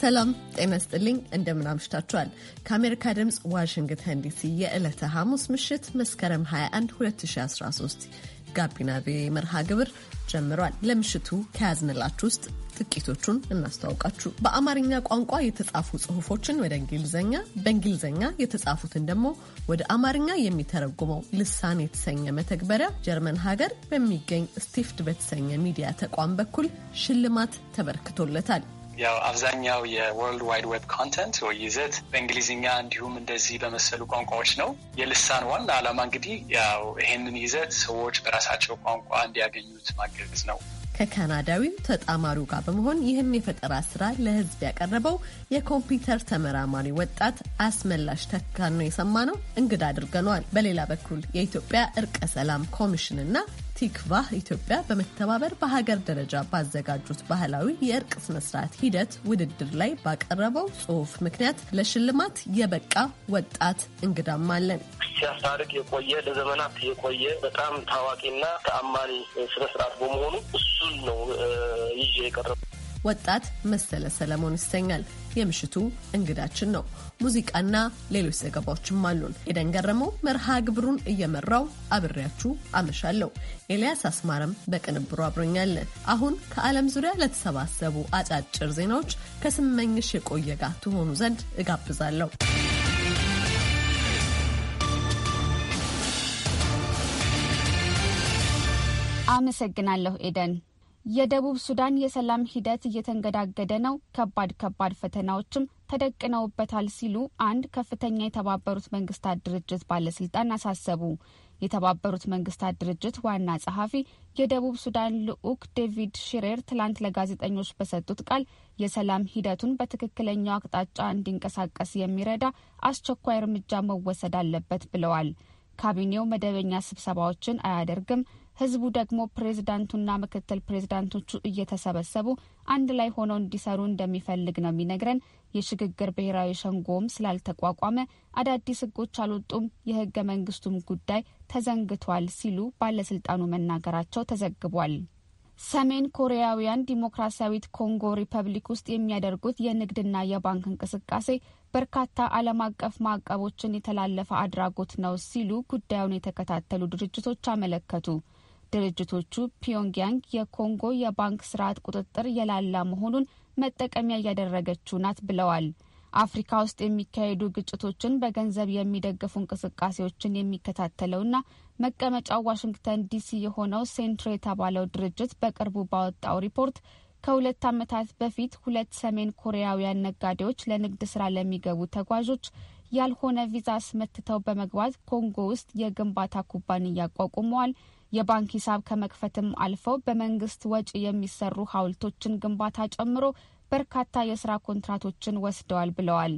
ሰላም ጤና ስጥልኝ። እንደምን አምሽታችኋል? ከአሜሪካ ድምፅ ዋሽንግተን ዲሲ የዕለተ ሐሙስ ምሽት መስከረም 21 2013 ጋቢና ቤ መርሃ ግብር ጀምሯል። ለምሽቱ ከያዝንላችሁ ውስጥ ጥቂቶቹን እናስተዋውቃችሁ። በአማርኛ ቋንቋ የተጻፉ ጽሁፎችን ወደ እንግሊዝኛ፣ በእንግሊዝኛ የተጻፉትን ደግሞ ወደ አማርኛ የሚተረጉመው ልሳን የተሰኘ መተግበሪያ ጀርመን ሀገር በሚገኝ ስቲፍድ በተሰኘ ሚዲያ ተቋም በኩል ሽልማት ተበርክቶለታል። ያው አብዛኛው የወርልድ ዋይድ ዌብ ኮንተንት ወይ ይዘት በእንግሊዝኛ እንዲሁም እንደዚህ በመሰሉ ቋንቋዎች ነው። የልሳን ዋና ዓላማ እንግዲህ ያው ይሄንን ይዘት ሰዎች በራሳቸው ቋንቋ እንዲያገኙት ማገዝ ነው። ከካናዳዊው ተጣማሪው ጋር በመሆን ይህን የፈጠራ ስራ ለህዝብ ያቀረበው የኮምፒውተር ተመራማሪ ወጣት አስመላሽ ተካን ነው ነው እንግዳ አድርገነዋል። በሌላ በኩል የኢትዮጵያ እርቀ ሰላም ኮሚሽንና ቲክቫ ኢትዮጵያ በመተባበር በሀገር ደረጃ ባዘጋጁት ባህላዊ የእርቅ ስነስርዓት ሂደት ውድድር ላይ ባቀረበው ጽሁፍ ምክንያት ለሽልማት የበቃ ወጣት እንግዳም አለን። ሲያስታርቅ የቆየ ለዘመናት የቆየ በጣም ታዋቂና ተአማኒ ስነስርዓት በመሆኑ እሱን ነው ይዤ የቀረበው። ወጣት መሰለ ሰለሞን ይሰኛል። የምሽቱ እንግዳችን ነው። ሙዚቃና ሌሎች ዘገባዎችም አሉን። ኤደን ገረመው መርሃ ግብሩን እየመራው አብሬያችሁ አመሻለሁ። ኤልያስ አስማረም በቅንብሩ አብሮኛለን። አሁን ከዓለም ዙሪያ ለተሰባሰቡ አጫጭር ዜናዎች ከስመኝሽ የቆየ ጋር ትሆኑ ዘንድ እጋብዛለሁ። አመሰግናለሁ ኤደን። የደቡብ ሱዳን የሰላም ሂደት እየተንገዳገደ ነው፣ ከባድ ከባድ ፈተናዎችም ተደቅነውበታል ሲሉ አንድ ከፍተኛ የተባበሩት መንግስታት ድርጅት ባለስልጣን አሳሰቡ። የተባበሩት መንግስታት ድርጅት ዋና ጸሐፊ የደቡብ ሱዳን ልዑክ ዴቪድ ሽሬር ትላንት ለጋዜጠኞች በሰጡት ቃል የሰላም ሂደቱን በትክክለኛው አቅጣጫ እንዲንቀሳቀስ የሚረዳ አስቸኳይ እርምጃ መወሰድ አለበት ብለዋል። ካቢኔው መደበኛ ስብሰባዎችን አያደርግም፣ ህዝቡ ደግሞ ፕሬዝዳንቱና ምክትል ፕሬዝዳንቶቹ እየተሰበሰቡ አንድ ላይ ሆነው እንዲሰሩ እንደሚፈልግ ነው የሚነግረን። የሽግግር ብሔራዊ ሸንጎም ስላልተቋቋመ አዳዲስ ህጎች አልወጡም፣ የህገ መንግስቱም ጉዳይ ተዘንግቷል ሲሉ ባለስልጣኑ መናገራቸው ተዘግቧል። ሰሜን ኮሪያውያን ዲሞክራሲያዊት ኮንጎ ሪፐብሊክ ውስጥ የሚያደርጉት የንግድና የባንክ እንቅስቃሴ በርካታ ዓለም አቀፍ ማዕቀቦችን የተላለፈ አድራጎት ነው ሲሉ ጉዳዩን የተከታተሉ ድርጅቶች አመለከቱ። ድርጅቶቹ ፒዮንግያንግ የኮንጎ የባንክ ስርዓት ቁጥጥር የላላ መሆኑን መጠቀሚያ እያደረገችው ናት ብለዋል። አፍሪካ ውስጥ የሚካሄዱ ግጭቶችን በገንዘብ የሚደግፉ እንቅስቃሴዎችን የሚከታተለውና መቀመጫው ዋሽንግተን ዲሲ የሆነው ሴንትሮ የተባለው ድርጅት በቅርቡ ባወጣው ሪፖርት ከሁለት ዓመታት በፊት ሁለት ሰሜን ኮሪያውያን ነጋዴዎች ለንግድ ስራ ለሚገቡ ተጓዦች ያልሆነ ቪዛ አስመትተው በመግባት ኮንጎ ውስጥ የግንባታ ኩባንያ አቋቁመዋል። የባንክ ሂሳብ ከመክፈትም አልፈው በመንግስት ወጪ የሚሰሩ ሐውልቶችን ግንባታ ጨምሮ በርካታ የስራ ኮንትራቶችን ወስደዋል ብለዋል።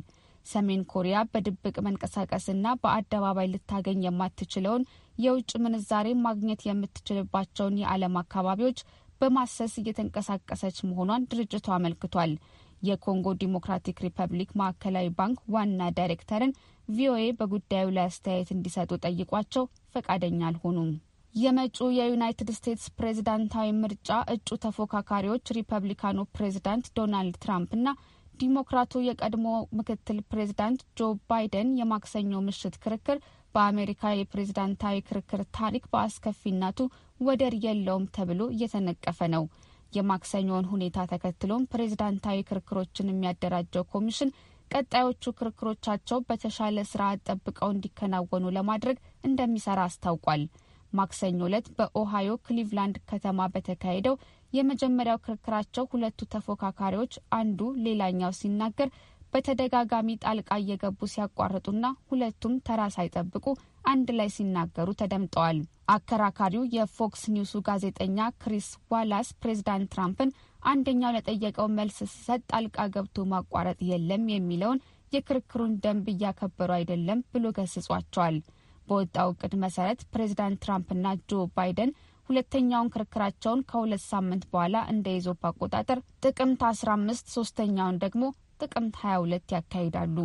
ሰሜን ኮሪያ በድብቅ መንቀሳቀስና በአደባባይ ልታገኝ የማትችለውን የውጭ ምንዛሬ ማግኘት የምትችልባቸውን የዓለም አካባቢዎች በማሰስ እየተንቀሳቀሰች መሆኗን ድርጅቱ አመልክቷል። የኮንጎ ዲሞክራቲክ ሪፐብሊክ ማዕከላዊ ባንክ ዋና ዳይሬክተርን ቪኦኤ በጉዳዩ ላይ አስተያየት እንዲሰጡ ጠይቋቸው ፈቃደኛ አልሆኑም። የመጪው የዩናይትድ ስቴትስ ፕሬዝዳንታዊ ምርጫ እጩ ተፎካካሪዎች ሪፐብሊካኑ ፕሬዝዳንት ዶናልድ ትራምፕ እና ዲሞክራቱ የቀድሞ ምክትል ፕሬዝዳንት ጆ ባይደን የማክሰኞ ምሽት ክርክር በአሜሪካ የፕሬዝዳንታዊ ክርክር ታሪክ በአስከፊነቱ ወደር የለውም ተብሎ እየተነቀፈ ነው። የማክሰኞውን ሁኔታ ተከትሎም ፕሬዝዳንታዊ ክርክሮችን የሚያደራጀው ኮሚሽን ቀጣዮቹ ክርክሮቻቸው በተሻለ ስርዓት ጠብቀው እንዲከናወኑ ለማድረግ እንደሚሰራ አስታውቋል። ማክሰኞ ዕለት በኦሃዮ ክሊቭላንድ ከተማ በተካሄደው የመጀመሪያው ክርክራቸው ሁለቱ ተፎካካሪዎች አንዱ ሌላኛው ሲናገር በተደጋጋሚ ጣልቃ እየገቡ ሲያቋርጡና ሁለቱም ተራ ሳይጠብቁ አንድ ላይ ሲናገሩ ተደምጠዋል። አከራካሪው የፎክስ ኒውሱ ጋዜጠኛ ክሪስ ዋላስ ፕሬዚዳንት ትራምፕን አንደኛው ለጠየቀው መልስ ሲሰጥ ጣልቃ ገብቶ ማቋረጥ የለም የሚለውን የክርክሩን ደንብ እያከበሩ አይደለም ብሎ ገስጿቸዋል። በወጣው እቅድ መሰረት ፕሬዚዳንት ትራምፕና ጆ ባይደን ሁለተኛውን ክርክራቸውን ከሁለት ሳምንት በኋላ እንደ ኢዞፕ አቆጣጠር ጥቅምት 15 ሶስተኛውን ደግሞ ጥቅምት 22 ያካሂዳሉ።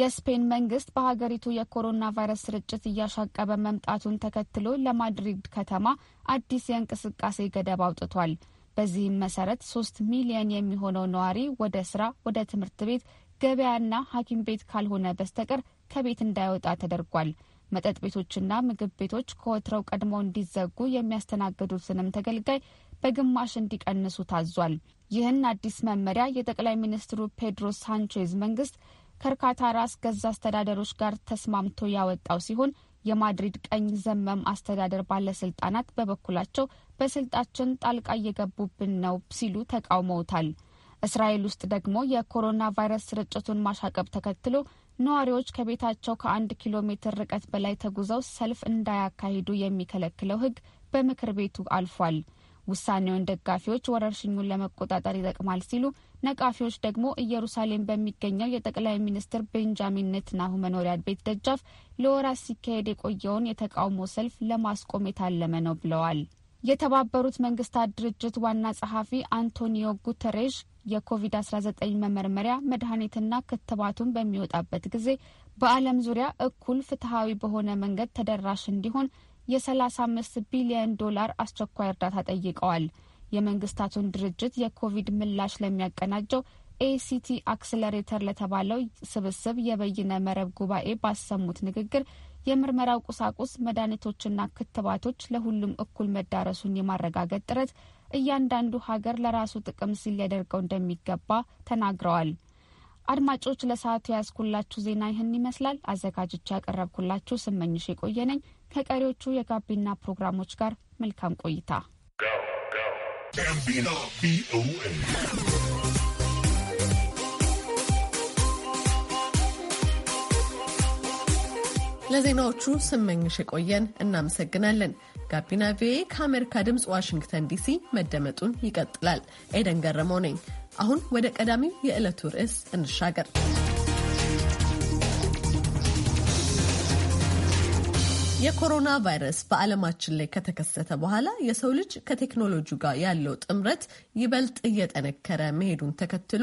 የስፔን መንግስት በሀገሪቱ የኮሮና ቫይረስ ስርጭት እያሻቀበ መምጣቱን ተከትሎ ለማድሪድ ከተማ አዲስ የእንቅስቃሴ ገደብ አውጥቷል። በዚህም መሰረት ሶስት ሚሊየን የሚሆነው ነዋሪ ወደ ስራ፣ ወደ ትምህርት ቤት፣ ገበያና ሐኪም ቤት ካልሆነ በስተቀር ከቤት እንዳይወጣ ተደርጓል። መጠጥ ቤቶችና ምግብ ቤቶች ከወትረው ቀድሞ እንዲዘጉ የሚያስተናግዱትንም ተገልጋይ በግማሽ እንዲቀንሱ ታዟል። ይህን አዲስ መመሪያ የጠቅላይ ሚኒስትሩ ፔድሮ ሳንቼዝ መንግስት ከእርካታ ራስ ገዛ አስተዳደሮች ጋር ተስማምቶ ያወጣው ሲሆን የማድሪድ ቀኝ ዘመም አስተዳደር ባለስልጣናት በበኩላቸው በስልጣችን ጣልቃ እየገቡብን ነው ሲሉ ተቃውመውታል። እስራኤል ውስጥ ደግሞ የኮሮና ቫይረስ ስርጭቱን ማሻቀብ ተከትሎ ነዋሪዎች ከቤታቸው ከአንድ ኪሎ ሜትር ርቀት በላይ ተጉዘው ሰልፍ እንዳያካሂዱ የሚከለክለው ሕግ በምክር ቤቱ አልፏል። ውሳኔውን ደጋፊዎች ወረርሽኙን ለመቆጣጠር ይጠቅማል ሲሉ፣ ነቃፊዎች ደግሞ ኢየሩሳሌም በሚገኘው የጠቅላይ ሚኒስትር ቤንጃሚን ኔትናሁ መኖሪያ ቤት ደጃፍ ለወራት ሲካሄድ የቆየውን የተቃውሞ ሰልፍ ለማስቆም የታለመ ነው ብለዋል። የተባበሩት መንግስታት ድርጅት ዋና ጸሐፊ አንቶኒዮ ጉተሬዥ የኮቪድ-19 መመርመሪያ መድኃኒትና ክትባቱን በሚወጣበት ጊዜ በዓለም ዙሪያ እኩል ፍትሐዊ በሆነ መንገድ ተደራሽ እንዲሆን የ35 ቢሊዮን ዶላር አስቸኳይ እርዳታ ጠይቀዋል። የመንግስታቱን ድርጅት የኮቪድ ምላሽ ለሚያቀናጀው ኤሲቲ አክስለሬተር ለተባለው ስብስብ የበይነ መረብ ጉባኤ ባሰሙት ንግግር የምርመራው ቁሳቁስ፣ መድኃኒቶችና ክትባቶች ለሁሉም እኩል መዳረሱን የማረጋገጥ ጥረት እያንዳንዱ ሀገር ለራሱ ጥቅም ሲል ሊያደርገው እንደሚገባ ተናግረዋል። አድማጮች ለሰዓቱ የያዝኩላችሁ ዜና ይህን ይመስላል። አዘጋጅቼ ያቀረብኩላችሁ ስመኝሽ የቆየ ነኝ። ከቀሪዎቹ የጋቢና ፕሮግራሞች ጋር መልካም ቆይታ። ለዜናዎቹ ስመኝሽ የቆየን እናመሰግናለን። ጋቢና ቪኦኤ ከአሜሪካ ድምፅ ዋሽንግተን ዲሲ መደመጡን ይቀጥላል። ኤደን ገረመው ነኝ። አሁን ወደ ቀዳሚው የዕለቱ ርዕስ እንሻገር። የኮሮና ቫይረስ በዓለማችን ላይ ከተከሰተ በኋላ የሰው ልጅ ከቴክኖሎጂው ጋር ያለው ጥምረት ይበልጥ እየጠነከረ መሄዱን ተከትሎ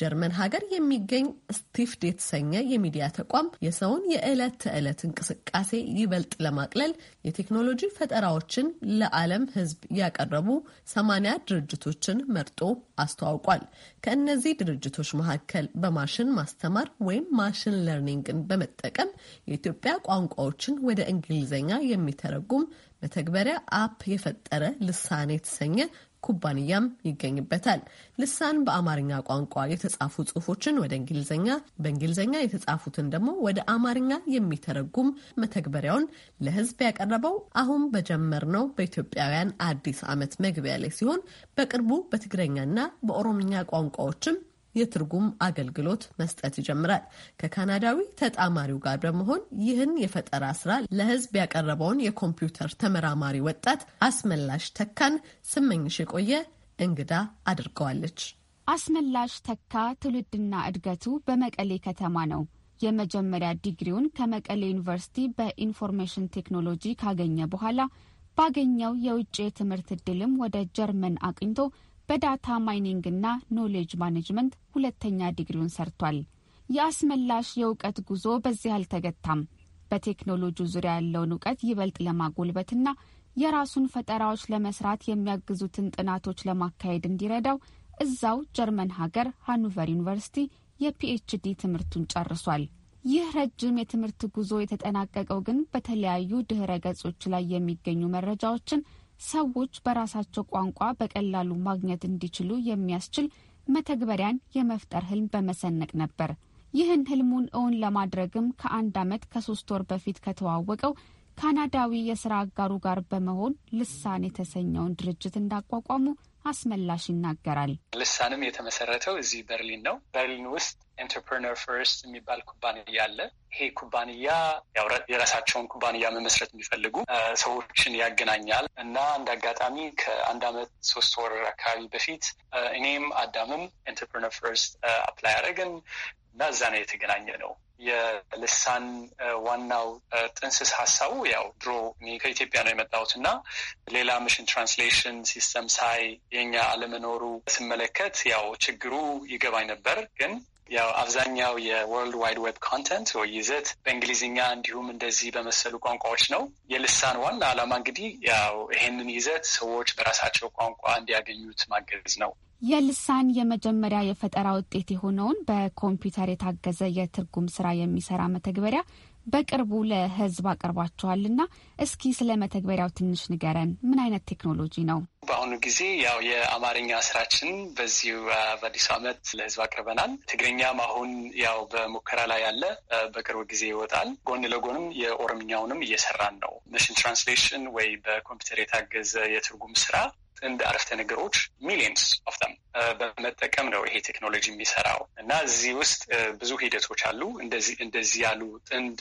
ጀርመን ሀገር የሚገኝ ስቲፍድ የተሰኘ የሚዲያ ተቋም የሰውን የዕለት ተዕለት እንቅስቃሴ ይበልጥ ለማቅለል የቴክኖሎጂ ፈጠራዎችን ለዓለም ሕዝብ ያቀረቡ ሰማንያ ድርጅቶችን መርጦ አስተዋውቋል። ከእነዚህ ድርጅቶች መካከል በማሽን ማስተማር ወይም ማሽን ለርኒንግን በመጠቀም የኢትዮጵያ ቋንቋዎችን ወደ እንግሊዝኛ የሚተረጉም መተግበሪያ አፕ የፈጠረ ልሳን የተሰኘ ኩባንያም ይገኝበታል። ልሳን በአማርኛ ቋንቋ የተጻፉ ጽሁፎችን ወደ እንግሊዝኛ፣ በእንግሊዝኛ የተጻፉትን ደግሞ ወደ አማርኛ የሚተረጉም መተግበሪያውን ለህዝብ ያቀረበው አሁን በጀመርነው በኢትዮጵያውያን አዲስ ዓመት መግቢያ ላይ ሲሆን በቅርቡ በትግረኛና በኦሮምኛ ቋንቋዎችም የትርጉም አገልግሎት መስጠት ይጀምራል። ከካናዳዊ ተጣማሪው ጋር በመሆን ይህን የፈጠራ ስራ ለህዝብ ያቀረበውን የኮምፒውተር ተመራማሪ ወጣት አስመላሽ ተካን ስመኝሽ የቆየ እንግዳ አድርገዋለች። አስመላሽ ተካ ትውልድና እድገቱ በመቀሌ ከተማ ነው። የመጀመሪያ ዲግሪውን ከመቀሌ ዩኒቨርሲቲ በኢንፎርሜሽን ቴክኖሎጂ ካገኘ በኋላ ባገኘው የውጭ የትምህርት ዕድልም ወደ ጀርመን አቅኝቶ በዳታ ማይኒንግ እና ኖሌጅ ማኔጅመንት ሁለተኛ ዲግሪውን ሰርቷል። የአስመላሽ የእውቀት ጉዞ በዚህ አልተገታም። በቴክኖሎጂ ዙሪያ ያለውን እውቀት ይበልጥ ለማጎልበትና የራሱን ፈጠራዎች ለመስራት የሚያግዙትን ጥናቶች ለማካሄድ እንዲረዳው እዛው ጀርመን ሀገር ሃኖቨር ዩኒቨርሲቲ የፒኤችዲ ትምህርቱን ጨርሷል። ይህ ረጅም የትምህርት ጉዞ የተጠናቀቀው ግን በተለያዩ ድህረ ገጾች ላይ የሚገኙ መረጃዎችን ሰዎች በራሳቸው ቋንቋ በቀላሉ ማግኘት እንዲችሉ የሚያስችል መተግበሪያን የመፍጠር ህልም በመሰነቅ ነበር። ይህን ህልሙን እውን ለማድረግም ከአንድ ዓመት ከሶስት ወር በፊት ከተዋወቀው ካናዳዊ የስራ አጋሩ ጋር በመሆን ልሳን የተሰኘውን ድርጅት እንዳቋቋሙ አስመላሽ ይናገራል። ልሳንም የተመሰረተው እዚህ በርሊን ነው። በርሊን ውስጥ ኤንተርፕርነር ፈርስት የሚባል ኩባንያ አለ። ይሄ ኩባንያ የራሳቸውን ኩባንያ መመስረት የሚፈልጉ ሰዎችን ያገናኛል እና እንደ አጋጣሚ ከአንድ ዓመት ሶስት ወር አካባቢ በፊት እኔም አዳምም ኤንተርፕርነር ፈርስት አፕላይ አደረግን እና እዛ ነው የተገናኘ ነው። የልሳን ዋናው ጥንስስ ሀሳቡ ያው ድሮ ከኢትዮጵያ ነው የመጣሁት እና ሌላ ምሽን ትራንስሌሽን ሲስተም ሳይ የኛ አለመኖሩ ስመለከት ያው ችግሩ ይገባኝ ነበር ግን ያው አብዛኛው የወርልድ ዋይድ ዌብ ኮንተንት ወይ ይዘት በእንግሊዝኛ እንዲሁም እንደዚህ በመሰሉ ቋንቋዎች ነው። የልሳን ዋና ዓላማ እንግዲህ ያው ይሄንን ይዘት ሰዎች በራሳቸው ቋንቋ እንዲያገኙት ማገዝ ነው። የልሳን የመጀመሪያ የፈጠራ ውጤት የሆነውን በኮምፒውተር የታገዘ የትርጉም ስራ የሚሰራ መተግበሪያ በቅርቡ ለህዝብ አቅርቧቸዋልና እስኪ ስለ መተግበሪያው ትንሽ ንገረን። ምን አይነት ቴክኖሎጂ ነው? በአሁኑ ጊዜ ያው የአማርኛ ስራችን በዚሁ በአዲሱ ዓመት ለህዝብ አቅርበናል። ትግርኛም አሁን ያው በሙከራ ላይ ያለ በቅርቡ ጊዜ ይወጣል። ጎን ለጎንም የኦሮምኛውንም እየሰራን ነው። መሽን ትራንስሌሽን ወይ በኮምፒውተር የታገዘ የትርጉም ስራ in the Arifte Negorot, millions of them. በመጠቀም ነው ይሄ ቴክኖሎጂ የሚሰራው እና እዚህ ውስጥ ብዙ ሂደቶች አሉ። እንደዚህ ያሉ ጥንድ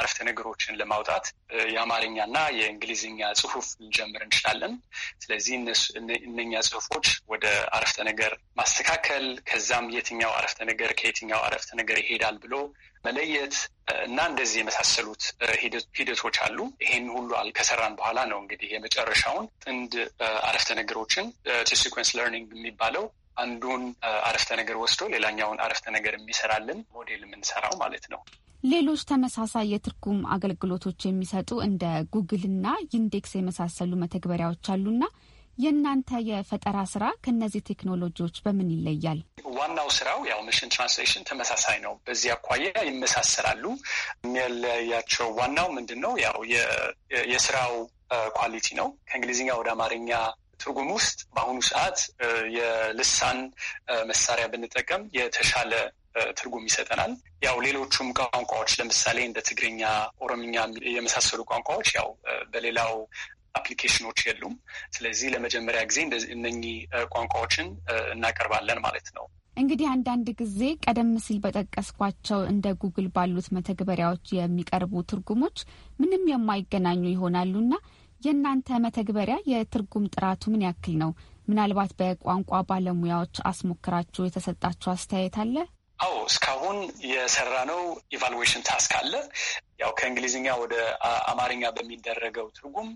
አረፍተ ነገሮችን ለማውጣት የአማርኛና የእንግሊዝኛ ጽሁፍ ልንጀምር እንችላለን። ስለዚህ እነኛ ጽሁፎች ወደ አረፍተ ነገር ማስተካከል፣ ከዛም የትኛው አረፍተ ነገር ከየትኛው አረፍተ ነገር ይሄዳል ብሎ መለየት እና እንደዚህ የመሳሰሉት ሂደቶች አሉ። ይሄን ሁሉ ከሰራን በኋላ ነው እንግዲህ የመጨረሻውን ጥንድ አረፍተ ነገሮችን ሲኩዌንስ ለርኒንግ የሚባለው የሚባለው አንዱን አረፍተ ነገር ወስዶ ሌላኛውን አረፍተ ነገር የሚሰራልን ሞዴል የምንሰራው ማለት ነው። ሌሎች ተመሳሳይ የትርጉም አገልግሎቶች የሚሰጡ እንደ ጉግልና ኢንዴክስ የመሳሰሉ መተግበሪያዎች አሉና የእናንተ የፈጠራ ስራ ከነዚህ ቴክኖሎጂዎች በምን ይለያል? ዋናው ስራው ያው ሚሽን ትራንስሌሽን ተመሳሳይ ነው። በዚህ አኳያ ይመሳሰላሉ። የሚለያቸው ዋናው ምንድን ነው? ያው የስራው ኳሊቲ ነው። ከእንግሊዝኛ ወደ አማርኛ ትርጉም ውስጥ በአሁኑ ሰዓት የልሳን መሳሪያ ብንጠቀም የተሻለ ትርጉም ይሰጠናል። ያው ሌሎቹም ቋንቋዎች ለምሳሌ እንደ ትግርኛ፣ ኦሮምኛ የመሳሰሉ ቋንቋዎች ያው በሌላው አፕሊኬሽኖች የሉም። ስለዚህ ለመጀመሪያ ጊዜ እነኚህ ቋንቋዎችን እናቀርባለን ማለት ነው። እንግዲህ አንዳንድ ጊዜ ቀደም ሲል በጠቀስኳቸው እንደ ጉግል ባሉት መተግበሪያዎች የሚቀርቡ ትርጉሞች ምንም የማይገናኙ ይሆናሉና የእናንተ መተግበሪያ የትርጉም ጥራቱ ምን ያክል ነው? ምናልባት በቋንቋ ባለሙያዎች አስሞክራችሁ የተሰጣችሁ አስተያየት አለ? አዎ እስካሁን የሰራ ነው ኢቫሉዌሽን ታስክ አለ። ያው ከእንግሊዝኛ ወደ አማርኛ በሚደረገው ትርጉም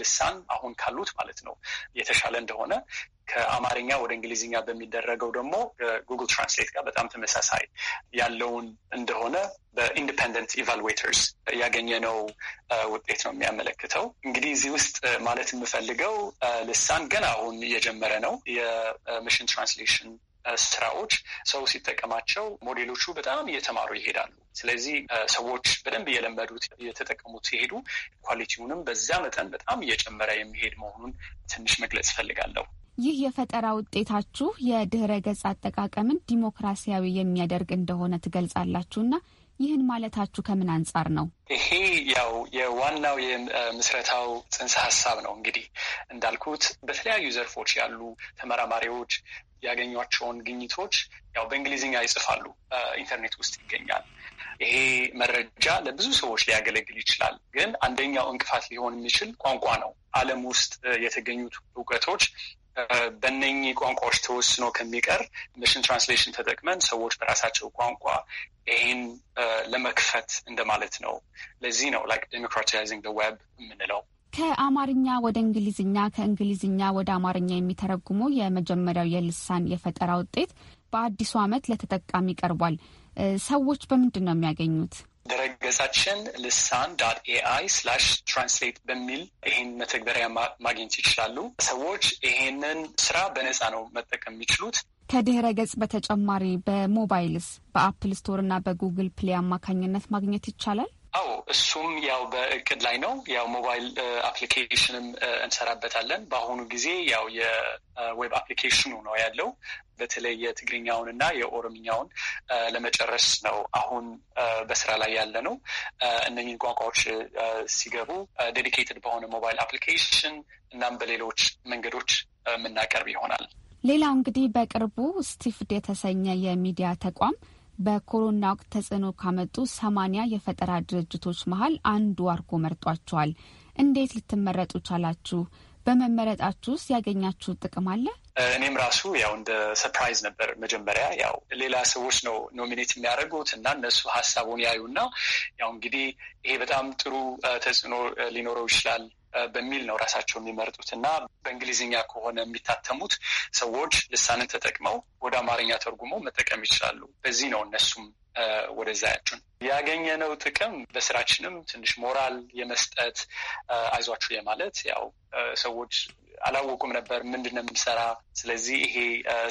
ልሳን አሁን ካሉት ማለት ነው የተሻለ እንደሆነ ከአማርኛ ወደ እንግሊዝኛ በሚደረገው ደግሞ ጉግል ትራንስሌት ጋር በጣም ተመሳሳይ ያለውን እንደሆነ በኢንዲፐንደንት ኢቫሉዌተርስ ያገኘነው ውጤት ነው የሚያመለክተው። እንግዲህ እዚህ ውስጥ ማለት የምፈልገው ልሳን ገና አሁን እየጀመረ ነው። የምሽን ትራንስሌሽን ስራዎች ሰው ሲጠቀማቸው ሞዴሎቹ በጣም እየተማሩ ይሄዳሉ። ስለዚህ ሰዎች በደንብ እየለመዱት እየተጠቀሙት ሲሄዱ ኳሊቲውንም በዛ መጠን በጣም እየጨመረ የሚሄድ መሆኑን ትንሽ መግለጽ እፈልጋለሁ። ይህ የፈጠራ ውጤታችሁ የድህረ ገጽ አጠቃቀምን ዲሞክራሲያዊ የሚያደርግ እንደሆነ ትገልጻላችሁና ይህን ማለታችሁ ከምን አንጻር ነው? ይሄ ያው የዋናው የምስረታው ጽንሰ ሀሳብ ነው። እንግዲህ እንዳልኩት በተለያዩ ዘርፎች ያሉ ተመራማሪዎች ያገኟቸውን ግኝቶች ያው በእንግሊዝኛ ይጽፋሉ፣ ኢንተርኔት ውስጥ ይገኛል። ይሄ መረጃ ለብዙ ሰዎች ሊያገለግል ይችላል። ግን አንደኛው እንቅፋት ሊሆን የሚችል ቋንቋ ነው። ዓለም ውስጥ የተገኙት እውቀቶች በእነኚህ ቋንቋዎች ተወስኖ ከሚቀር ሚሽን ትራንስሌሽን ተጠቅመን ሰዎች በራሳቸው ቋንቋ ይህን ለመክፈት እንደማለት ነው። ለዚህ ነው ላይክ ዴሞክራታይዚንግ ዌብ የምንለው። ከአማርኛ ወደ እንግሊዝኛ ከእንግሊዝኛ ወደ አማርኛ የሚተረጉሙ የመጀመሪያው የልሳን የፈጠራ ውጤት በአዲሱ ዓመት ለተጠቃሚ ቀርቧል። ሰዎች በምንድን ነው የሚያገኙት? ድረገጻችን ልሳን ዳት ኤአይ ስላሽ ትራንስሌት በሚል ይህን መተግበሪያ ማግኘት ይችላሉ። ሰዎች ይሄንን ስራ በነፃ ነው መጠቀም የሚችሉት። ከድህረ ገጽ በተጨማሪ በሞባይልስ በአፕል ስቶር እና በጉግል ፕሌይ አማካኝነት ማግኘት ይቻላል። አዎ እሱም ያው በእቅድ ላይ ነው። ያው ሞባይል አፕሊኬሽንም እንሰራበታለን። በአሁኑ ጊዜ ያው የዌብ አፕሊኬሽኑ ነው ያለው። በተለይ የትግርኛውን እና የኦሮምኛውን ለመጨረስ ነው አሁን በስራ ላይ ያለ ነው። እነኝን ቋንቋዎች ሲገቡ ዴዲኬትድ በሆነ ሞባይል አፕሊኬሽን እናም በሌሎች መንገዶች የምናቀርብ ይሆናል። ሌላው እንግዲህ በቅርቡ ስቲፍድ የተሰኘ የሚዲያ ተቋም በኮሮና ወቅት ተጽዕኖ ካመጡ ሰማኒያ የፈጠራ ድርጅቶች መሀል አንዱ አድርጎ መርጧቸዋል። እንዴት ልትመረጡ ቻላችሁ? በመመረጣችሁ ውስጥ ያገኛችሁ ጥቅም አለ? እኔም ራሱ ያው እንደ ሰርፕራይዝ ነበር መጀመሪያ። ያው ሌላ ሰዎች ነው ኖሚኔት የሚያደርጉት እና እነሱ ሀሳቡን ያዩና ያው እንግዲህ ይሄ በጣም ጥሩ ተጽዕኖ ሊኖረው ይችላል በሚል ነው ራሳቸው የሚመርጡት እና በእንግሊዝኛ ከሆነ የሚታተሙት ሰዎች ልሳንን ተጠቅመው ወደ አማርኛ ተርጉመው መጠቀም ይችላሉ። በዚህ ነው እነሱም ወደዛ ያጩን። ያገኘነው ጥቅም በስራችንም ትንሽ ሞራል የመስጠት አይዟችሁ የማለት ያው ሰዎች አላወቁም ነበር ምንድን ነው የምንሰራ። ስለዚህ ይሄ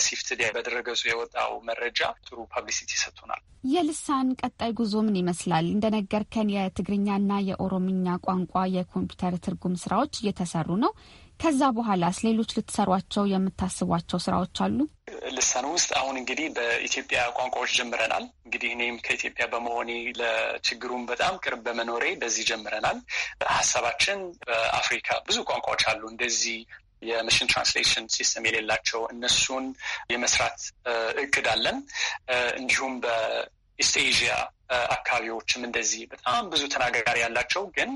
ሲፍትድ በድረገጹ የወጣው መረጃ ጥሩ ፐብሊሲቲ ሰጥቶናል። የልሳን ቀጣይ ጉዞ ምን ይመስላል? እንደነገርከን የትግርኛና የኦሮምኛ ቋንቋ የኮምፒውተር ትርጉም ስራዎች እየተሰሩ ነው። ከዛ በኋላስ ሌሎች ልትሰሯቸው የምታስቧቸው ስራዎች አሉ? ልሳን ውስጥ አሁን እንግዲህ በኢትዮጵያ ቋንቋዎች ጀምረናል። እንግዲህ እኔም ከኢትዮጵያ በመሆኔ ለችግሩም በጣም ቅርብ በመኖሬ በዚህ ጀምረናል። ሀሳባችን በአፍሪካ ብዙ ቋንቋዎች አሉ እንደዚህ የመሽን ትራንስሌሽን ሲስተም የሌላቸው እነሱን የመስራት እቅድ አለን። እንዲሁም በኢስት ኤዥያ አካባቢዎችም እንደዚህ በጣም ብዙ ተናጋሪ ያላቸው ግን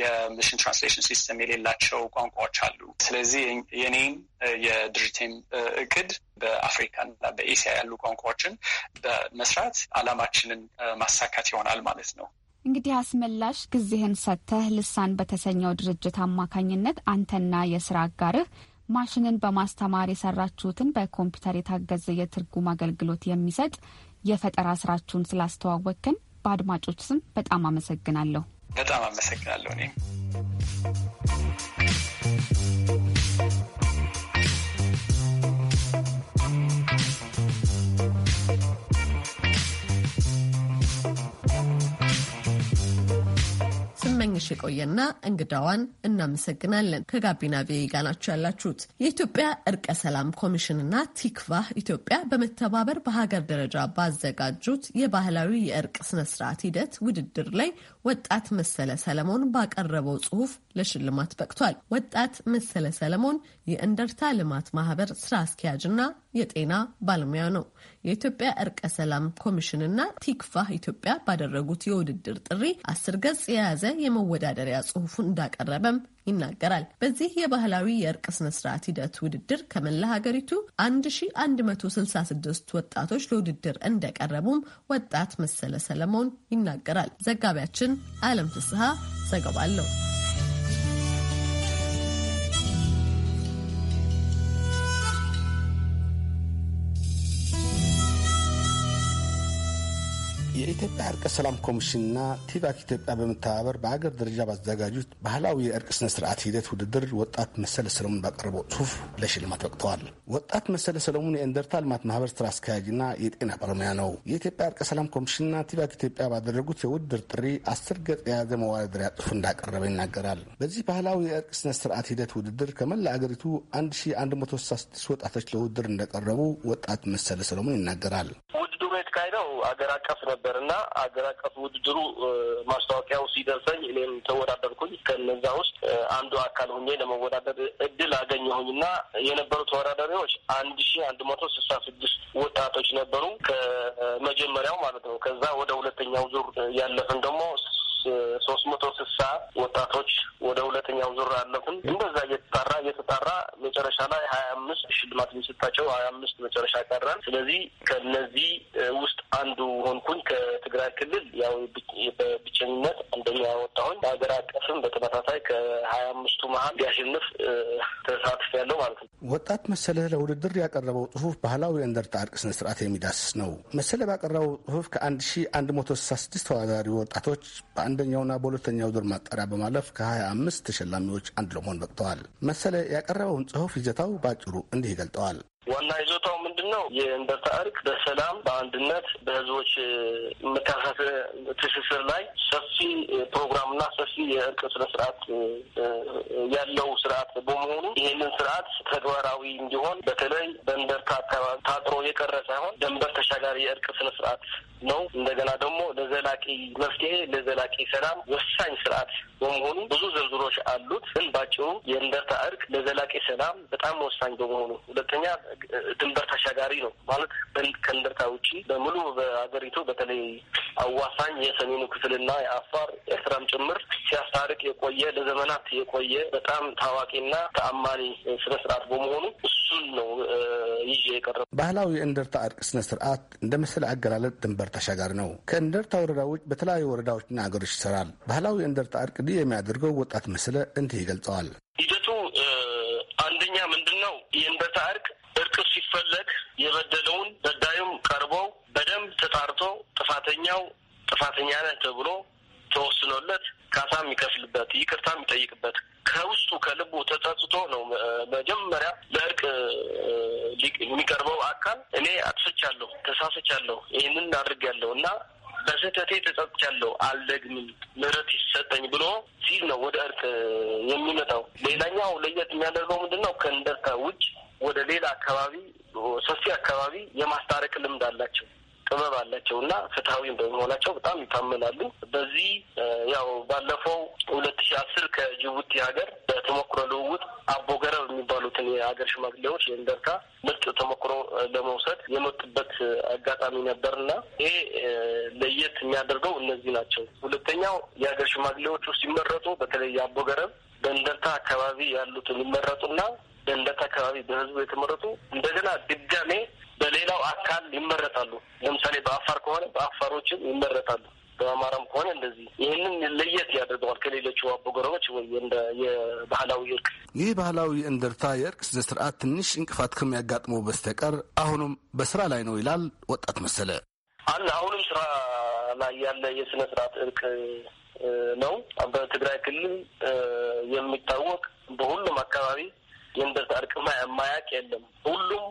የሚሽን ትራንስሌሽን ሲስተም የሌላቸው ቋንቋዎች አሉ። ስለዚህ የኔም የድርጅቴም እቅድ በአፍሪካና በኤስያ ያሉ ቋንቋዎችን በመስራት አላማችንን ማሳካት ይሆናል ማለት ነው። እንግዲህ አስመላሽ ጊዜህን ሰጥተህ ልሳን በተሰኘው ድርጅት አማካኝነት አንተና የስራ አጋርህ ማሽንን በማስተማር የሰራችሁትን በኮምፒውተር የታገዘ የትርጉም አገልግሎት የሚሰጥ የፈጠራ ስራችሁን ስላስተዋወቅከን በአድማጮች ስም በጣም አመሰግናለሁ። በጣም አመሰግናለሁ እኔ ስመኝሽ የቆየና እንግዳዋን እናመሰግናለን። ከጋቢና ቪ ጋር ናችሁ ያላችሁት። የኢትዮጵያ እርቀ ሰላም ኮሚሽንና ቲክቫህ ኢትዮጵያ በመተባበር በሀገር ደረጃ ባዘጋጁት የባህላዊ የእርቅ ስነስርዓት ሂደት ውድድር ላይ ወጣት መሰለ ሰለሞን ባቀረበው ጽሁፍ ለሽልማት በቅቷል። ወጣት መሰለ ሰለሞን የእንደርታ ልማት ማህበር ስራ አስኪያጅና የጤና ባለሙያ ነው። የኢትዮጵያ እርቀ ሰላም ኮሚሽንና ቲክፋ ኢትዮጵያ ባደረጉት የውድድር ጥሪ አስር ገጽ የያዘ የመወዳደሪያ ጽሁፉን እንዳቀረበም ይናገራል። በዚህ የባህላዊ የእርቅ ስነስርዓት ሂደት ውድድር ከመላ ሀገሪቱ 1166 ወጣቶች ለውድድር እንደቀረቡም ወጣት መሰለ ሰለሞን ይናገራል። ዘጋቢያችን አለም ፍስሐ ዘገባ አለው። የኢትዮጵያ እርቀ ሰላም ኮሚሽንና ቲባክ ኢትዮጵያ በመተባበር በሀገር ደረጃ ባዘጋጁት ባህላዊ የእርቅ ስነ ስርዓት ሂደት ውድድር ወጣት መሰለ ሰለሞን ባቀረበው ጽሁፍ ለሽልማት በቅተዋል። ወጣት መሰለ ሰለሞን የእንደርታ ልማት ማህበር ስራ አስኪያጅና የጤና ባለሙያ ነው። የኢትዮጵያ እርቀ ሰላም ኮሚሽንና ቲባክ ኢትዮጵያ ባደረጉት የውድድር ጥሪ አስር ገጽ የያዘ መወዳደሪያ ጽሁፍ እንዳቀረበ ይናገራል። በዚህ ባህላዊ የእርቅ ስነ ስርዓት ሂደት ውድድር ከመላ አገሪቱ 1166 ወጣቶች ለውድድር እንደቀረቡ ወጣት መሰለ ሰለሞን ይናገራል። ውድድሩ አገር አቀፍ ነበር እና አገር አቀፍ ውድድሩ ማስታወቂያው ሲደርሰኝ እኔም ተወዳደርኩኝ። ከነዛ ውስጥ አንዱ አካል ሁኜ ለመወዳደር እድል አገኘሁኝ እና የነበሩ ተወዳዳሪዎች አንድ ሺ አንድ መቶ ስልሳ ስድስት ወጣቶች ነበሩ። ከመጀመሪያው ማለት ነው። ከዛ ወደ ሁለተኛው ዙር ያለፍን ደግሞ ሶስት መቶ ስልሳ ወጣቶች ወደ ሁለተኛው ዙር አለፉን። እንደዛ እየተጣራ እየተጣራ መጨረሻ ላይ ሀያ አምስት ሽልማት የሚሰጣቸው ሀያ አምስት መጨረሻ ቀረን። ስለዚህ ከነዚህ ውስጥ አንዱ ሆንኩኝ። ከትግራይ ክልል ያው በብቸኝነት አንደኛ ወጣሁኝ። በሀገር አቀፍም በተመሳሳይ ከሀያ አምስቱ መሀል ቢያሸንፍ ተሳትፍ ያለው ማለት ነው። ወጣት መሰለ ለውድድር ያቀረበው ጽሁፍ ባህላዊ የእንደርታ እርቅ ስነ የሚዳስስ ነው። መሰለ ባቀረበው ጽሁፍ ከአንድ ሺ አንድ መቶ ስልሳ ስድስት ተወዳዳሪ ወጣቶች በአንድ በአንደኛውና በሁለተኛው ዙር ማጣሪያ በማለፍ ከ25 ተሸላሚዎች አንድ ለመሆን በቅተዋል። መሰለ ያቀረበውን ጽሑፍ ይዘታው በአጭሩ እንዲህ ይገልጠዋል። ዋና ይዞታው ምንድን ነው? የእንደርታ እርቅ በሰላም በአንድነት በህዝቦች መካፈት ትስስር ላይ ሰፊ ፕሮግራምና ሰፊ የእርቅ ስነ ስርዓት ያለው ስርዓት በመሆኑ ይህንን ስርዓት ተግባራዊ እንዲሆን በተለይ በእንደርታ አካባቢ ታጥሮ የቀረ ሳይሆን ደንበር ተሻጋሪ የእርቅ ስነ ስርዓት ነው። እንደገና ደግሞ ለዘላቂ መፍትሄ ለዘላቂ ሰላም ወሳኝ ስርዓት በመሆኑ ብዙ ዝርዝሮች አሉት። ግን ባጭሩ የእንደርታ እርቅ ለዘላቂ ሰላም በጣም ወሳኝ በመሆኑ፣ ሁለተኛ ድንበር ተሻጋሪ ነው ማለት ከእንደርታ ውጭ በሙሉ በሀገሪቱ በተለይ አዋሳኝ የሰሜኑ ክፍልና የአፋር ኤርትራም ጭምር ሲያስታርቅ የቆየ ለዘመናት የቆየ በጣም ታዋቂና ተአማኒ ስነ ስርዓት በመሆኑ እሱን ነው ይዤ የቀረ ባህላዊ የእንደርታ እርቅ ስነ ስርዓት እንደ ምስል አገላለጥ ድንበር አሻጋሪ ነው። ከእንደርታ ወረዳ ውጭ በተለያዩ ወረዳዎችና ሀገሮች ይሰራል። ባህላዊ የእንደርታ እርቅድ የሚያደርገው ወጣት መስለ እንዲህ ይገልጸዋል። ሂደቱ አንደኛ ምንድን ነው? የእንደርታ እርቅ እርቅ ሲፈለግ የበደለውን በዳዩም ቀርበው በደንብ ተጣርቶ ጥፋተኛው ጥፋተኛ ነህ ተብሎ ተወስኖለት ካሳ የሚከፍልበት ይቅርታ የሚጠይቅበት ከውስጡ ከልቡ ተጸጽቶ ነው መጀመሪያ ለእርቅ የሚቀርበው አካል እኔ አጥፍቻለሁ፣ ተሳስቻለሁ፣ ይህንን አድርጌያለሁ እና በስህተቴ ተጸጽቻለሁ፣ አልደግምም፣ ምህረት ይሰጠኝ ብሎ ሲል ነው ወደ እርቅ የሚመጣው። ሌላኛው ለየት የሚያደርገው ምንድን ነው? ከእንደርታ ውጭ ወደ ሌላ አካባቢ ሰፊ አካባቢ የማስታረቅ ልምድ አላቸው። ጥበብ አላቸው እና ፍትሐዊም በመሆናቸው በጣም ይታመናሉ። በዚህ ያው ባለፈው ሁለት ሺ አስር ከጅቡቲ ሀገር በተሞክሮ ልውውጥ አቦ ገረብ የሚባሉትን የሀገር ሽማግሌዎች የእንደርታ ምርጥ ተሞክሮ ለመውሰድ የመጡበት አጋጣሚ ነበር እና ይሄ ለየት የሚያደርገው እነዚህ ናቸው። ሁለተኛው የሀገር ሽማግሌዎቹ ሲመረጡ በተለይ የአቦ ገረብ በእንደርታ አካባቢ ያሉትን ይመረጡና በእንደርታ አካባቢ በህዝቡ የተመረጡ እንደገና ድጋሜ በሌላው አካል ይመረጣሉ። ለምሳሌ በአፋር ከሆነ በአፋሮችም ይመረጣሉ። በአማራም ከሆነ እንደዚህ ይህንን ለየት ያደርገዋል ከሌሎቹ አቦገረቦች ወይ እንደ የባህላዊ እርቅ። ይህ ባህላዊ እንደርታ የእርቅ ስነ ስርዓት ትንሽ እንቅፋት ከሚያጋጥመው በስተቀር አሁንም በስራ ላይ ነው ይላል ወጣት መሰለ አለ። አሁንም ስራ ላይ ያለ የስነ ስርዓት እርቅ ነው። በትግራይ ክልል የሚታወቅ በሁሉም አካባቢ የእንደዛ እርቅማ የማያውቅ የለም። ሁሉም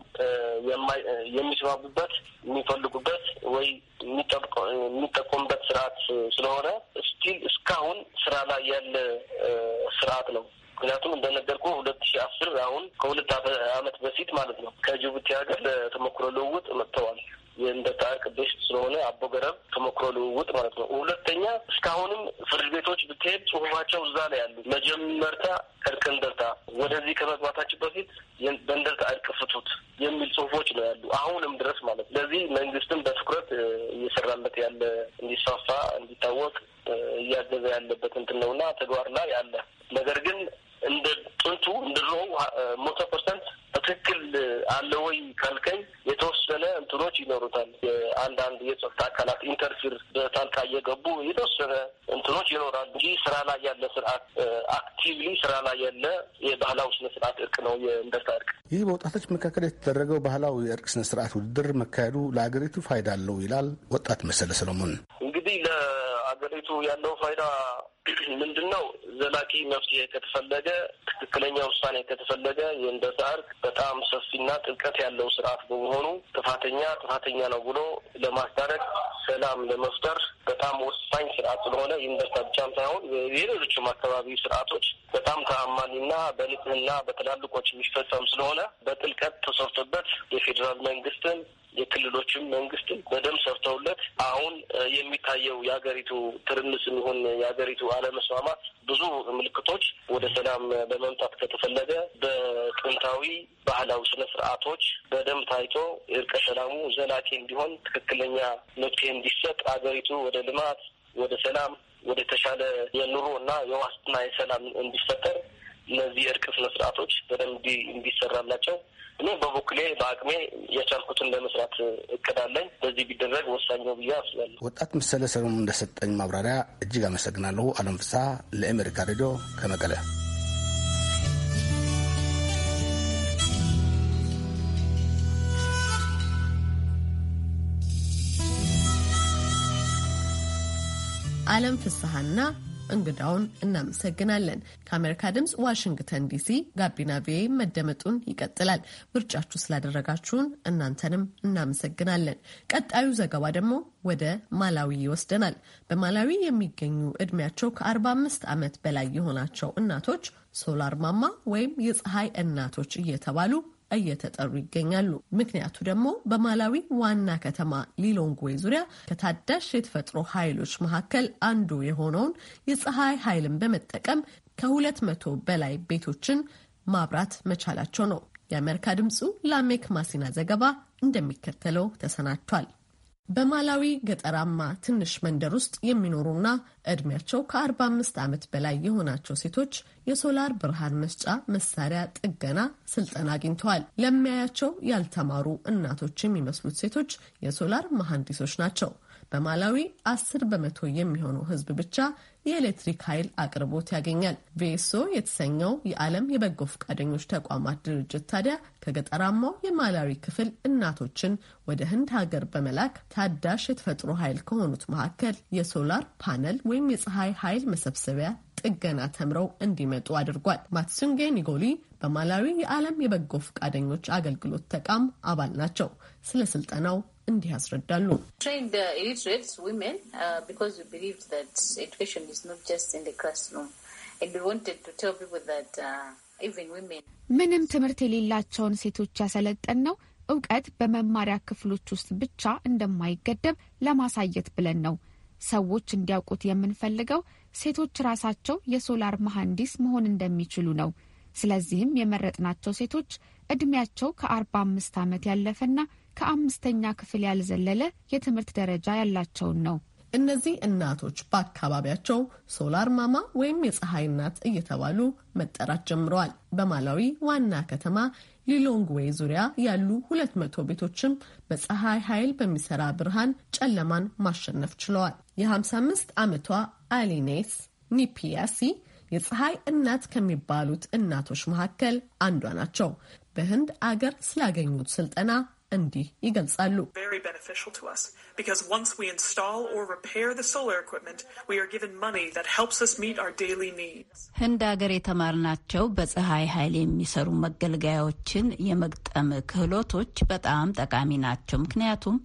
የሚስባቡበት የሚፈልጉበት ወይ የሚጠቆምበት ስርዓት ስለሆነ ስቲል እስካሁን ስራ ላይ ያለ ስርዓት ነው። ምክንያቱም እንደነገርኩ ሁለት ሺ አስር አሁን ከሁለት አመት በፊት ማለት ነው ከጅቡቲ ሀገር ለተሞክሮ ልውውጥ መጥተዋል። እንደ ጣር ቅዱስ ስለሆነ አቦገረብ ተሞክሮ ልውውጥ ማለት ነው። ሁለተኛ እስካሁንም ፍርድ ቤቶች ብትሄድ ጽሁፋቸው እዛ ላይ ያሉ መጀመርታ እርቅ እንደርታ፣ ወደዚህ ከመግባታችን በፊት በእንደርታ እርቅ ፍቱት የሚል ጽሁፎች ነው ያሉ አሁንም ድረስ ማለት ነው። ስለዚህ መንግስትም በትኩረት እየሰራለት ያለ እንዲስፋፋ እንዲታወቅ እያገዘ ያለበት እንትን ነውና ተግባር ላይ ያለ ነገር ግን እንደ ጥንቱ እንደ መቶ ፐርሰንት በትክክል አለ ወይ ካልከኝ የተወሰነ እንትኖች ይኖሩታል። አንዳንድ የጸጥታ አካላት ኢንተርፊር በጣልቃ እየገቡ የተወሰነ እንትኖች ይኖራሉ እንጂ ስራ ላይ ያለ ስርዓት አክቲቭሊ ስራ ላይ ያለ የባህላዊ ስነ ስርዓት እርቅ ነው የእንደርታ እርቅ። ይህ በወጣቶች መካከል የተደረገው ባህላዊ የእርቅ ስነ ስርዓት ውድድር መካሄዱ ለሀገሪቱ ፋይዳ አለው ይላል ወጣት መሰለ ሰለሞን እንግዲህ ለሀገሪቱ ያለው ፋይዳ ምንድን ነው? ዘላቂ መፍትሄ ከተፈለገ፣ ትክክለኛ ውሳኔ ከተፈለገ የእንደ እርቅ በጣም ሰፊና ጥልቀት ያለው ስርዓት በመሆኑ ጥፋተኛ ጥፋተኛ ነው ብሎ ለማስታረቅ ሰላም ለመፍጠር በጣም ወሳኝ ስርዓት ስለሆነ ዩኒቨርስታ ብቻም ሳይሆን የሌሎችም አካባቢ ስርዓቶች በጣም ተአማኒና በንጽህና በትላልቆች የሚፈጸም ስለሆነ በጥልቀት ተሰርቶበት የፌዴራል መንግስትን የክልሎችም መንግስትም በደም ሰርተውለት አሁን የሚታየው የሀገሪቱ ትርምስ የሚሆን የሀገሪቱ አለመስማማት ብዙ ምልክቶች ወደ ሰላም በመምጣት ከተፈለገ በጥንታዊ ባህላዊ ስነ ስርዓቶች በደም ታይቶ እርቀ ሰላሙ ዘላቂ እንዲሆን ትክክለኛ መፍትሄ እንዲሰጥ አገሪቱ ወደ ልማት ወደ ሰላም ወደ ተሻለ የኑሮ እና የዋስትና የሰላም እንዲፈጠር እነዚህ እርቅ ስነስርዓቶች በደንብ እንዲሰራላቸው እኔ በበኩሌ በአቅሜ የቻልኩትን ለመስራት እቅዳለኝ። በዚህ ቢደረግ ወሳኝ ነው ብዬ አስባለሁ። ወጣት ምሳሌ ሰለሞን እንደሰጠኝ ማብራሪያ እጅግ አመሰግናለሁ። አለም ፍስሐ ለአሜሪካ ሬዲዮ ከመቀለ። አለም ፍስሐና እንግዳውን እናመሰግናለን። ከአሜሪካ ድምፅ ዋሽንግተን ዲሲ ጋቢና ቪኦኤ መደመጡን ይቀጥላል። ምርጫችሁ ስላደረጋችሁን እናንተንም እናመሰግናለን። ቀጣዩ ዘገባ ደግሞ ወደ ማላዊ ይወስደናል። በማላዊ የሚገኙ እድሜያቸው ከ45 ዓመት በላይ የሆናቸው እናቶች ሶላር ማማ ወይም የፀሐይ እናቶች እየተባሉ እየተጠሩ ይገኛሉ። ምክንያቱ ደግሞ በማላዊ ዋና ከተማ ሊሎንግዌ ዙሪያ ከታዳሽ የተፈጥሮ ኃይሎች መካከል አንዱ የሆነውን የፀሐይ ኃይልን በመጠቀም ከሁለት መቶ በላይ ቤቶችን ማብራት መቻላቸው ነው። የአሜሪካ ድምፁ ላሜክ ማሲና ዘገባ እንደሚከተለው ተሰናድቷል። በማላዊ ገጠራማ ትንሽ መንደር ውስጥ የሚኖሩና እድሜያቸው ከ45 ዓመት በላይ የሆናቸው ሴቶች የሶላር ብርሃን መስጫ መሳሪያ ጥገና ስልጠና አግኝተዋል። ለሚያያቸው ያልተማሩ እናቶች የሚመስሉት ሴቶች የሶላር መሐንዲሶች ናቸው። በማላዊ አስር በመቶ የሚሆነው ህዝብ ብቻ የኤሌክትሪክ ኃይል አቅርቦት ያገኛል። ቬሶ የተሰኘው የዓለም የበጎ ፈቃደኞች ተቋማት ድርጅት ታዲያ ከገጠራማው የማላዊ ክፍል እናቶችን ወደ ህንድ ሀገር በመላክ ታዳሽ የተፈጥሮ ኃይል ከሆኑት መካከል የሶላር ፓነል ወይም የፀሐይ ኃይል መሰብሰቢያ ጥገና ተምረው እንዲመጡ አድርጓል። ማትሱንጌ ኒጎሊ በማላዊ የዓለም የበጎ ፈቃደኞች አገልግሎት ተቋም አባል ናቸው። ስለ ስልጠናው እንዲህ ያስረዳሉ። uh, uh, uh, ምንም ትምህርት የሌላቸውን ሴቶች ያሰለጠን ነው እውቀት በመማሪያ ክፍሎች ውስጥ ብቻ እንደማይገደብ ለማሳየት ብለን ነው። ሰዎች እንዲያውቁት የምንፈልገው ሴቶች ራሳቸው የሶላር መሐንዲስ መሆን እንደሚችሉ ነው። ስለዚህም የመረጥናቸው ሴቶች ዕድሜያቸው ከአርባ አምስት ዓመት ያለፈና ከአምስተኛ ክፍል ያልዘለለ የትምህርት ደረጃ ያላቸውን ነው። እነዚህ እናቶች በአካባቢያቸው ሶላር ማማ ወይም የፀሐይ እናት እየተባሉ መጠራት ጀምረዋል። በማላዊ ዋና ከተማ ሊሎንግዌ ዙሪያ ያሉ ሁለት መቶ ቤቶችም በፀሐይ ኃይል በሚሰራ ብርሃን ጨለማን ማሸነፍ ችለዋል። የ55 ዓመቷ አሊኔስ ኒፒያሲ የፀሐይ እናት ከሚባሉት እናቶች መካከል አንዷ ናቸው። በህንድ አገር ስላገኙት ስልጠና እንዲህ ይገልጻሉ። ህንድ ሀገር የተማርናቸው በፀሐይ ኃይል የሚሰሩ መገልገያዎችን የመግጠም ክህሎቶች በጣም ጠቃሚ ናቸው። ምክንያቱም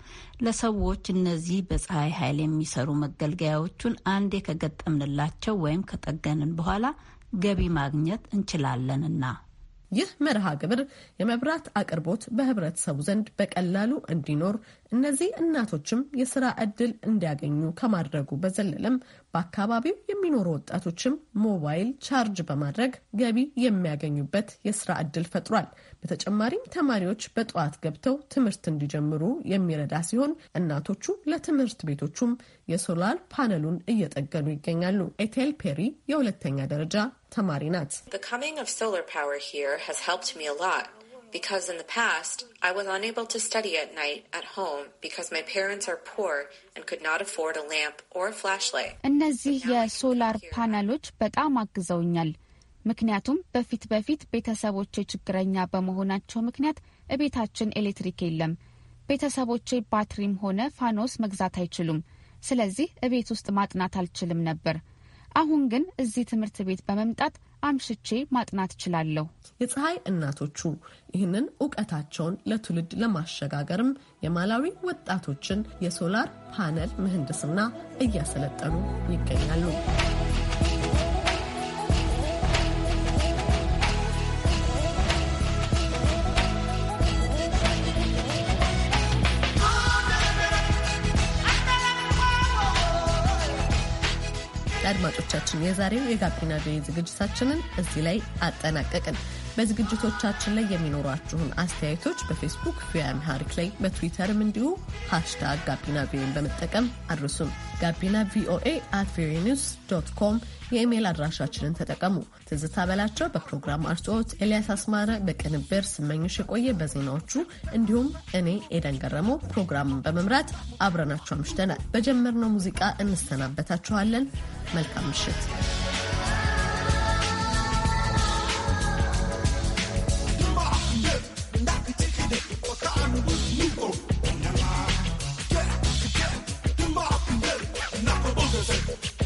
ለሰዎች እነዚህ በፀሐይ ኃይል የሚሰሩ መገልገያዎቹን አንዴ ከገጠምንላቸው ወይም ከጠገንን በኋላ ገቢ ማግኘት እንችላለንና ይህ መርሃ ግብር የመብራት አቅርቦት በህብረተሰቡ ዘንድ በቀላሉ እንዲኖር እነዚህ እናቶችም የስራ እድል እንዲያገኙ ከማድረጉ በዘለለም በአካባቢው የሚኖሩ ወጣቶችም ሞባይል ቻርጅ በማድረግ ገቢ የሚያገኙበት የስራ እድል ፈጥሯል። በተጨማሪም ተማሪዎች በጠዋት ገብተው ትምህርት እንዲጀምሩ የሚረዳ ሲሆን እናቶቹ ለትምህርት ቤቶቹም የሶላር ፓነሉን እየጠገኑ ይገኛሉ። ኤቴል ፔሪ የሁለተኛ ደረጃ ተማሪ ናት። እነዚህ የሶላር ፓነሎች በጣም አግዘውኛል። ምክንያቱም በፊት በፊት ቤተሰቦቼ ችግረኛ በመሆናቸው ምክንያት እቤታችን ኤሌክትሪክ የለም። ቤተሰቦቼ ባትሪም ሆነ ፋኖስ መግዛት አይችሉም። ስለዚህ እቤት ውስጥ ማጥናት አልችልም ነበር። አሁን ግን እዚህ ትምህርት ቤት በመምጣት አምሽቼ ማጥናት እችላለሁ። የፀሐይ እናቶቹ ይህንን እውቀታቸውን ለትውልድ ለማሸጋገርም የማላዊ ወጣቶችን የሶላር ፓነል ምህንድስና እያሰለጠኑ ይገኛሉ። አድማጮቻችን የዛሬው የጋቢና ቪኦኤ ዝግጅታችንን እዚህ ላይ አጠናቀቅን። በዝግጅቶቻችን ላይ የሚኖሯችሁን አስተያየቶች በፌስቡክ ቪኦኤ አምሃሪክ ላይ በትዊተርም እንዲሁ ሃሽታግ ጋቢና ቪኦኤን በመጠቀም አድርሱም። ጋቢና ቪኦኤ አት ቪኦኤ ኒውስ ዶት ኮም የኢሜይል አድራሻችንን ተጠቀሙ። ትዝታ በላቸው በፕሮግራም አርትዖት፣ ኤልያስ አስማረ በቅንብር፣ ስመኝሽ የቆየ በዜናዎቹ እንዲሁም እኔ ኤደን ገረመው ፕሮግራምን በመምራት አብረናቸው አምሽተናል። በጀመርነው ሙዚቃ እንሰናበታችኋለን። መልካም ምሽት። Thank you.